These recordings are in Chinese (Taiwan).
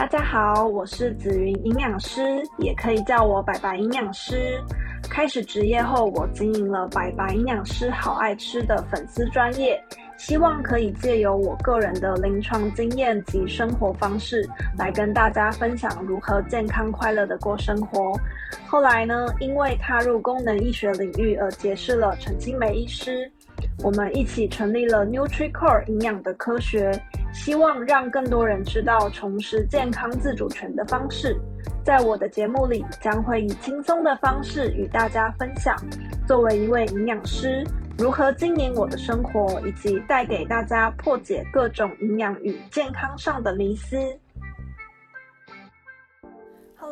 大家好，我是紫雲營養師，也可以叫我白白營養師。開始職業後，我經營了“白白營養師好愛吃的粉絲專頁”，希望可以借由我個人的臨床經驗及生活方式，來跟大家分享如何健康快樂的過生活。後來呢，因為踏入功能醫學領域而結識了陳青梅醫師，我們一起成立了 NutriCore 營養的科學。希望讓更多人知道重拾健康自主權的方式。在我的節目裡，將會以輕鬆的方式與大家分享，作為一位營養師，如何經營我的生活，以及帶給大家破解各種營養與健康上的迷思。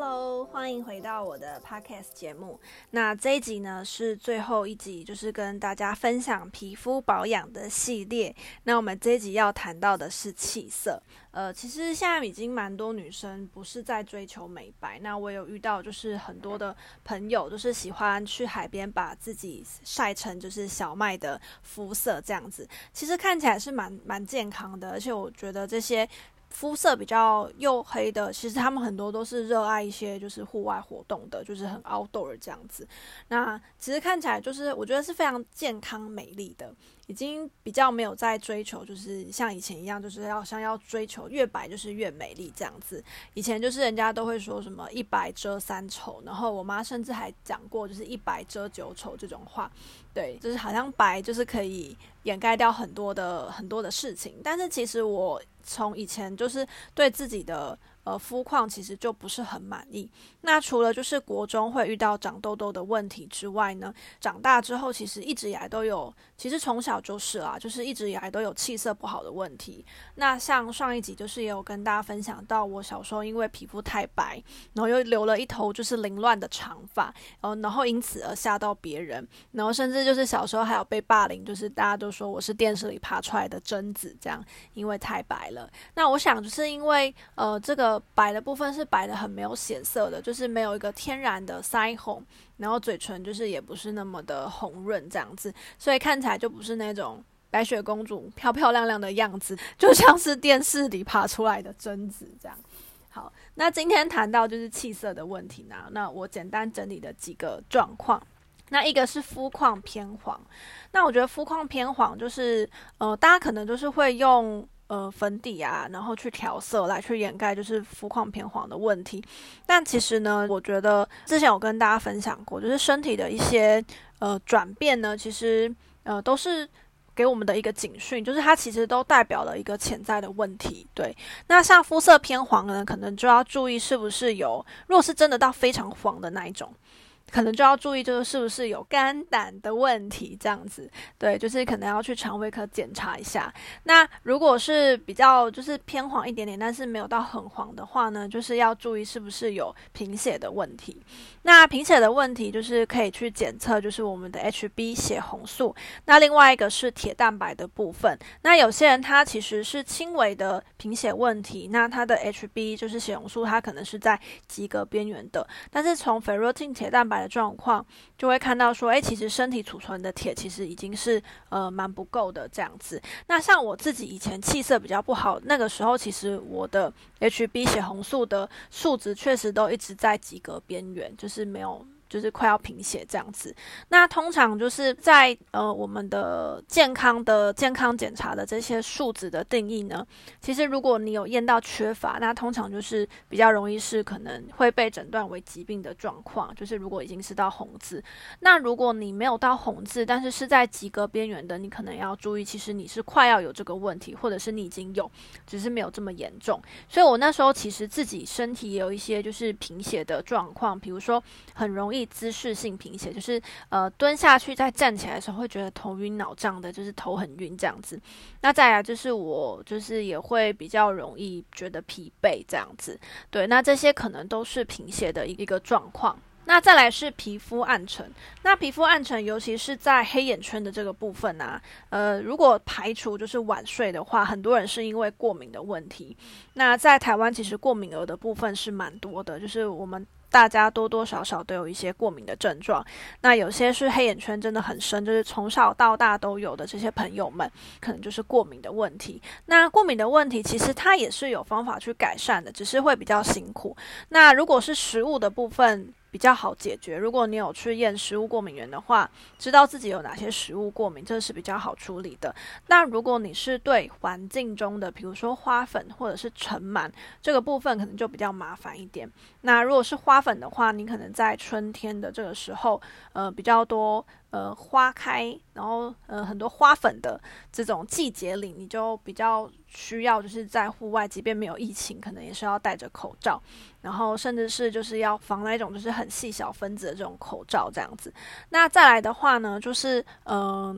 Hello，歡迎回到我的 podcast 節目。那這一集呢，是最後一集，就是跟大家分享皮膚保養的系列。那我們這一集要談到的是氣色。呃，其實現在已經蠻多女生不是在追求美白。那我有遇到就是很多的朋友，就是喜歡去海邊把自己曬成就是小麥的膚色這樣子。其實看起來是蠻蠻健康的，而且我覺得這些。膚色比較黝黑的，其實他們很多都是熱愛一些就是戶外活動的，就是很 outdoor 的這樣子。那其實看起來就是我覺得是非常健康美麗的。已經比較沒有再追求，就是像以前一樣，就是要像要追求越白就是越美麗這樣子。以前就是人家都會說什麼一白遮三醜，然後我媽甚至還講過就是一白遮九醜這種話，對，就是好像白就是可以掩蓋掉很多的很多的事情。但是其實我從以前就是對自己的。呃，膚況其實就不是很滿意。那除了就是國中會遇到長痘痘的問題之外呢，長大之後其實一直以來都有，其實從小就是啊，就是一直以來都有氣色不好的問題。那像上一集就是也有跟大家分享到，我小時候因為皮膚太白，然後又留了一頭就是凌亂的長髮，然後然後因此而嚇到別人，然後甚至就是小時候還有被霸凌，就是大家都說我是電視裡爬出來的貞子這樣，因為太白了。那我想就是因為呃這個。白的部分是白的很沒有血色的，就是沒有一個天然的腮紅，然後嘴唇就是也不是那麼的紅潤這樣子，所以看起來就不是那種白雪公主漂漂亮亮的樣子，就像是電視裡爬出來的貞子這樣。好，那今天談到就是氣色的問題呢，啊，那我簡單整理的幾個狀況，那一個是膚況偏黃，那我覺得膚況偏黃就是呃大家可能就是會用。呃，粉底啊，然後去調色來去掩蓋，就是膚況偏黃的問題。但其實呢，我覺得之前有跟大家分享過，就是身體的一些呃轉變呢，其實呃都是給我們的一個警訊，就是它其實都代表了一個潛在的問題。對，那像膚色偏黃呢，可能就要注意是不是有，如果是真的到非常黃的那一種。可能就要注意，就是是不是有肝膽的問題，這樣子，對，就是可能要去腸胃科檢查一下。那如果是比較就是偏黃一點點，但是沒有到很黃的話呢，就是要注意是不是有貧血的問題。那貧血的問題就是可以去檢測，就是我們的 Hb 血紅素。那另外一個是鐵蛋白的部分。那有些人他其實是輕微的貧血問題，那他的 Hb 就是血紅素，它可能是在及格邊緣的。但是從 ferritin 鐵蛋白的狀況，就會看到說，哎，其實身體儲存的鐵其實已經是呃蠻不夠的這樣子。那像我自己以前氣色比較不好，那個時候其實我的 Hb 血紅素的數值確實都一直在及格邊緣，就是沒有。就是快要貧血這樣子，那通常就是在呃我們的健康的健康檢查的這些數字的定義呢，其實如果你有驗到缺乏，那通常就是比較容易是可能會被診斷為疾病的狀況。就是如果已經是到紅字，那如果你沒有到紅字，但是是在及格邊緣的，你可能要注意，其實你是快要有這個問題，或者是你已經有，只是沒有這麼嚴重。所以我那時候其實自己身體也有一些就是貧血的狀況，比如說很容易。姿勢性貧血就是呃蹲下去再站起來的時候會覺得頭暈腦脹的，就是頭很暈這樣子。那再來就是我就是也會比較容易覺得疲憊這樣子。對，那這些可能都是貧血的一個一個狀況。那再來是皮膚暗沉，那皮膚暗沉尤其是在黑眼圈的這個部分啊，呃如果排除就是晚睡的話，很多人是因為過敏的問題。那在台灣其實過敏兒的部分是蠻多的，就是我們。大家多多少少都有一些過敏的症狀，那有些是黑眼圈真的很深，就是從小到大都有的這些朋友們，可能就是過敏的問題。那過敏的問題其實它也是有方法去改善的，只是會比較辛苦。那如果是食物的部分，比較好解決。如果你有去驗食物過敏原的話，知道自己有哪些食物過敏，這是比較好處理的。那如果你是對環境中的，比如說花粉或者是塵蟎這個部分，可能就比較麻煩一點。那如果是花粉的話，你可能在春天的這個時候，呃，比較多。呃，花開，然後呃，很多花粉的這種季節裡，你就比較需要就是在戶外，即便沒有疫情，可能也是要戴着口罩，然後甚至是就是要防那種就是很細小分子的這種口罩這樣子。那再來的話呢，就是嗯，呃，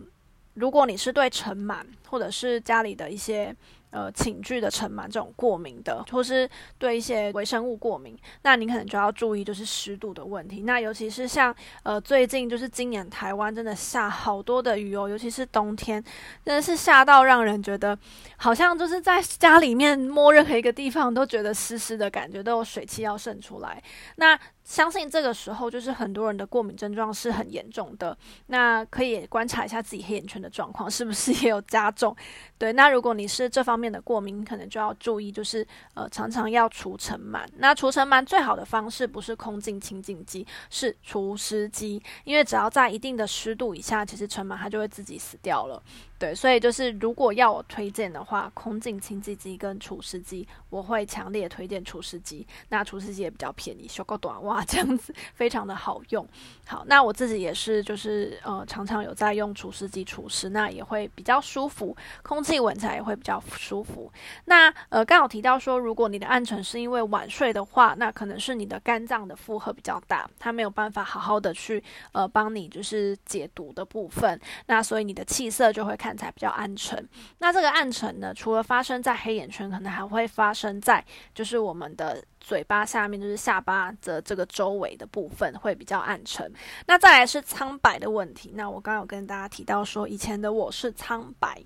如果你是對塵蟎或者是家裡的一些。呃，寢具的塵蟎這種過敏的，或是對一些微生物過敏，那你可能就要注意，就是濕度的問題。那尤其是像呃最近就是今年台灣真的下好多的雨哦，尤其是冬天，真的是下到讓人覺得好像就是在家裡面摸任何一個地方都覺得濕濕的感覺，都有水汽要滲出來。那相信這個時候就是很多人的過敏症狀是很嚴重的。那可以觀察一下自己黑眼圈的狀況是不是也有加重。對，那如果你是這方，面的過敏可能就要注意，就是呃常常要除塵蟎。那除塵蟎最好的方式不是空淨、清淨機，是除濕機，因為只要在一定的濕度以下，其實塵蟎它就會自己死掉了。對，所以就是如果要我推薦的話，空淨、清淨機跟除濕機，我會強烈推薦除濕機。那除濕機也比較便宜，修夠短哇，這樣子非常的好用。好，那我自己也是，就是呃，常常有在用除濕機除濕，那也會比較舒服，空氣聞起來也會比較舒服。那呃，剛好提到說，如果你的暗沉是因為晚睡的話，那可能是你的肝臟的負荷比較大，它沒有辦法好好的去呃幫你就是解毒的部分，那所以你的氣色就會看才比較暗沉。那這個暗沉呢，除了發生在黑眼圈，可能還會發生在就是我們的嘴巴下面，就是下巴的這個周圍的部分會比較暗沉。那再來是蒼白的問題。那我剛有跟大家提到說，以前的我是蒼白。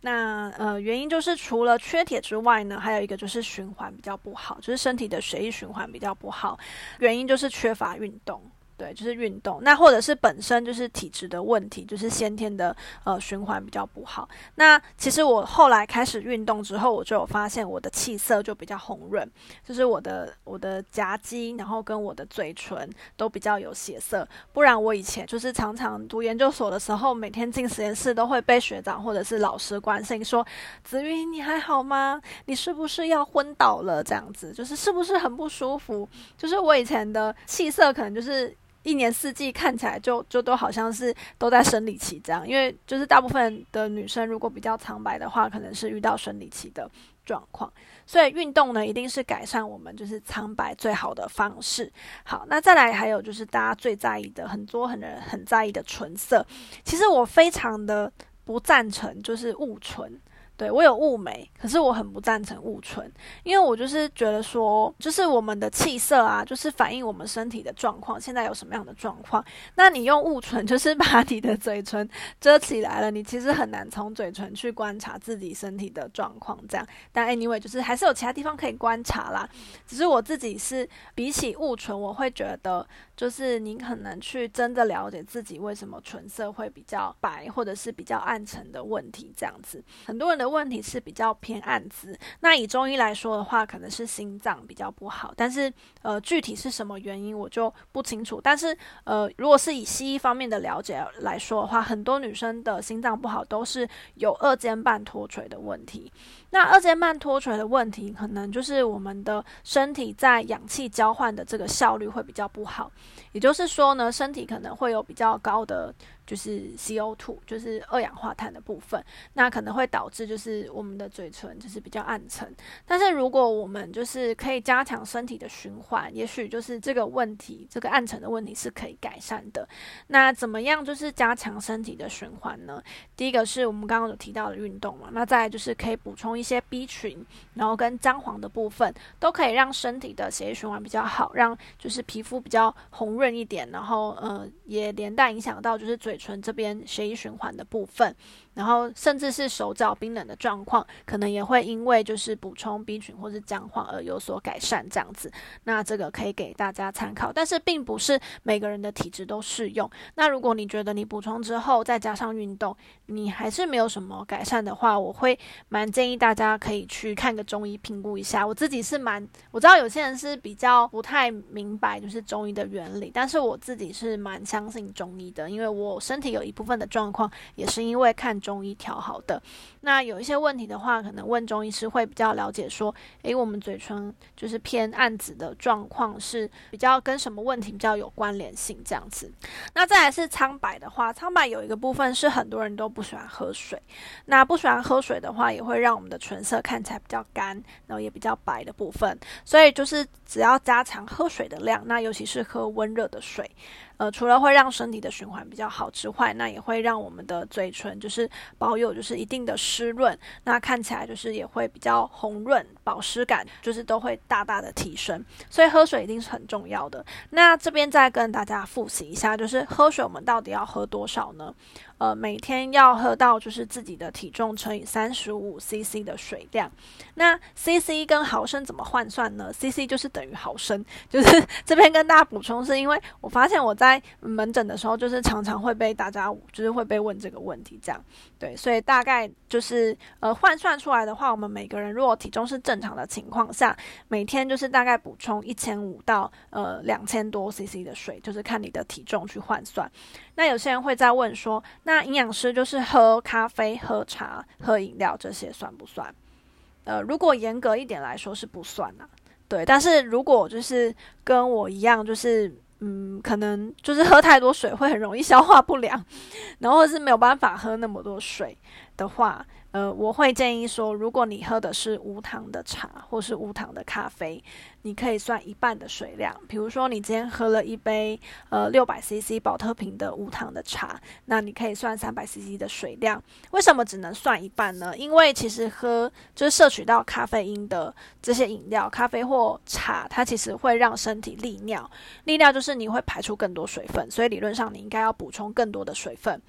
那呃，原因就是除了缺鐵之外呢，還有一個就是循環比較不好，就是身體的血液循環比較不好。原因就是缺乏運動。對，就是運動，那或者是本身就是體質的問題，就是先天的呃循環比較不好。那其實我後來開始運動之後，我就有發現我的氣色就比較紅潤，就是我的我的頰肌，然後跟我的嘴唇都比較有血色。不然我以前就是常常讀研究所的時候，每天進實驗室都會被學長或者是老師關心說，子云，你還好嗎？你是不是要昏倒了？這樣子就是，是不是很不舒服？就是我以前的氣色可能就是。一年四季看起來就就都好像是都在生理期這樣，因為就是大部分的女生如果比較蒼白的話，可能是遇到生理期的狀況，所以運動呢一定是改善我們就是蒼白最好的方式。好，那再來還有就是大家最在意的，很多很人很在意的唇色，其實我非常的不贊成就是霧唇。對，我有霧眉，可是我很不贊成霧唇，因為我就是覺得說，就是我們的氣色啊，就是反映我們身體的狀況，現在有什麼樣的狀況。那你用霧唇，就是把你的嘴唇遮起來了，你其實很難從嘴唇去觀察自己身體的狀況。這樣，但 anyway，就是還是有其他地方可以觀察啦。只是我自己是比起霧唇，我會覺得就是你可能去真的了解自己為什麼唇色會比較白，或者是比較暗沉的問題。這樣子，很多人的。問題是比較偏暗紫。那以中醫來說的話，可能是心臟比較不好，但是呃，具體是什麼原因我就不清楚。但是呃，如果是以西醫方面的了解來說的話，很多女生的心臟不好都是有二尖瓣脫垂的問題。那二尖瓣脫垂的問題，可能就是我們的身體在氧氣交換的這個效率會比較不好。也就是說呢，身體可能會有比較高的。就是 CO2 就是二氧化碳的部分，那可能會導致就是我們的嘴唇就是比較暗沉。但是如果我們就是可以加強身體的循環，也許就是這個問題，這個暗沉的問題是可以改善的。那怎麼樣就是加強身體的循環呢？第一個是我們剛剛有提到的運動嘛，那再來就是可以補充一些 B 群，然後跟薑黃的部分都可以讓身體的血液循環比較好，讓就是皮膚比較紅潤一點，然後呃也連帶影響到就是嘴。存這邊血液循環的部分。然後甚至是手腳冰冷的狀況，可能也會因為就是補充 B 群，或是薑黃而有所改善，這樣子。那這個可以給大家參考，但是並不是每個人的體質都適用。那如果你覺得你補充之後再加上運動，你還是沒有什麼改善的話，我會蠻建議大家可以去看個中醫評估一下。我自己是蠻，我知道有些人是比較不太明白就是中醫的原理，但是我自己是蠻相信中醫的，因為我身體有一部分的狀況也是因為看。中醫調好的，那有一些問題的話，可能問中醫師會比較了解。說，欸，我們嘴唇就是偏暗紫的狀況，是比較跟什麼問題比較有關聯性這樣子。那再來是蒼白的話，蒼白有一個部分是很多人都不喜歡喝水。那不喜歡喝水的話，也會讓我們的唇色看起來比較乾，然後也比較白的部分。所以就是只要加強喝水的量，那尤其是喝溫熱的水。呃，除了會讓身體的循環比較好之外，那也會讓我們的嘴唇就是保有就是一定的濕潤，那看起來就是也會比較紅潤，保濕感就是都會大大的提升。所以喝水一定是很重要的。那這邊再跟大家複習一下，就是喝水我們到底要喝多少呢？呃，每天要喝到就是自己的體重乘以三十五 cc 的水量。那 cc 跟毫升怎麼換算呢？cc 就是等於毫升，就是這邊跟大家補充，是因為我發現我在門診的時候，就是常常會被大家就是會被問這個問題，這樣，對，所以大概就是呃換算出來的話，我們每個人如果體重是正常的情況下，每天就是大概補充一千五到呃兩千多 cc 的水，就是看你的體重去換算。那有些人會在問說，那營養師就是喝咖啡、喝茶、喝飲料這些算不算？呃，如果嚴格一點來說是不算啦，啊，對，但是如果就是跟我一樣，就是嗯，可能就是喝太多水會很容易消化不良，然後是沒有辦法喝那麼多水的話。呃，我會建議說，如果你喝的是無糖的茶或是無糖的咖啡，你可以算一半的水量。比如說，你今天喝了一杯呃六百 CC 寶特瓶的無糖的茶，那你可以算三百 CC 的水量。為什麼只能算一半呢？因為其實喝就是攝取到咖啡因的這些飲料，咖啡或茶，它其實會讓身體利尿，利尿就是你會排出更多水分，所以理論上你應該要補充更多的水分。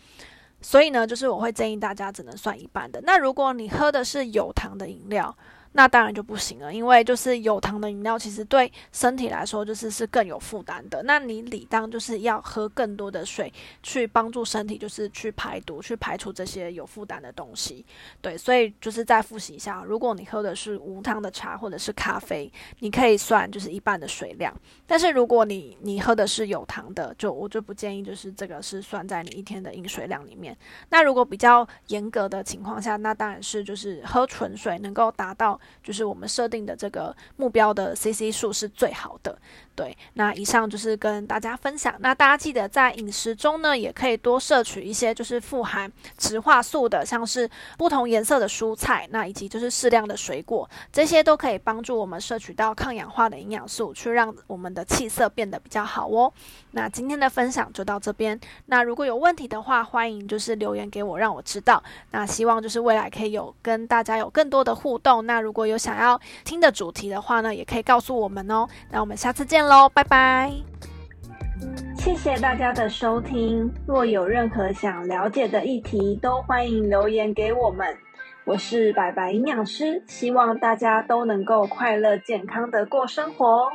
所以呢，就是我會建議大家只能算一半的。那如果你喝的是有糖的飲料。那當然就不行了，因為就是有糖的飲料，其實對身體來說就是是更有負擔的。那你理當就是要喝更多的水，去幫助身體，就是去排毒，去排除這些有負擔的東西。對，所以就是再複習一下，如果你喝的是無糖的茶或者是咖啡，你可以算就是一半的水量。但是如果你你喝的是有糖的，就我就不建議，就是這個是算在你一天的飲水量裡面。那如果比較嚴格的情況下，那當然是就是喝純水能夠達到就是我們設定的這個目標的 CC 數是最好的。對，那以上就是跟大家分享。那大家記得在飲食中呢，也可以多攝取一些就是富含植化素的，像是不同顏色的蔬菜，那以及就是適量的水果，這些都可以幫助我們攝取到抗氧化的營養素，去讓我們的氣色變得比較好哦。那今天的分享就到這邊。那如果有問題的話，歡迎就是留言給我，讓我知道。那希望就是未來可以有跟大家有更多的互動。那如果有想要聽的主題的話呢，也可以告訴我們哦。那我們下次見了。拜拜！謝謝大家的收聽。若有任何想了解的議題，都歡迎留言給我們。我是白白營養師，希望大家都能夠快樂健康的過生活。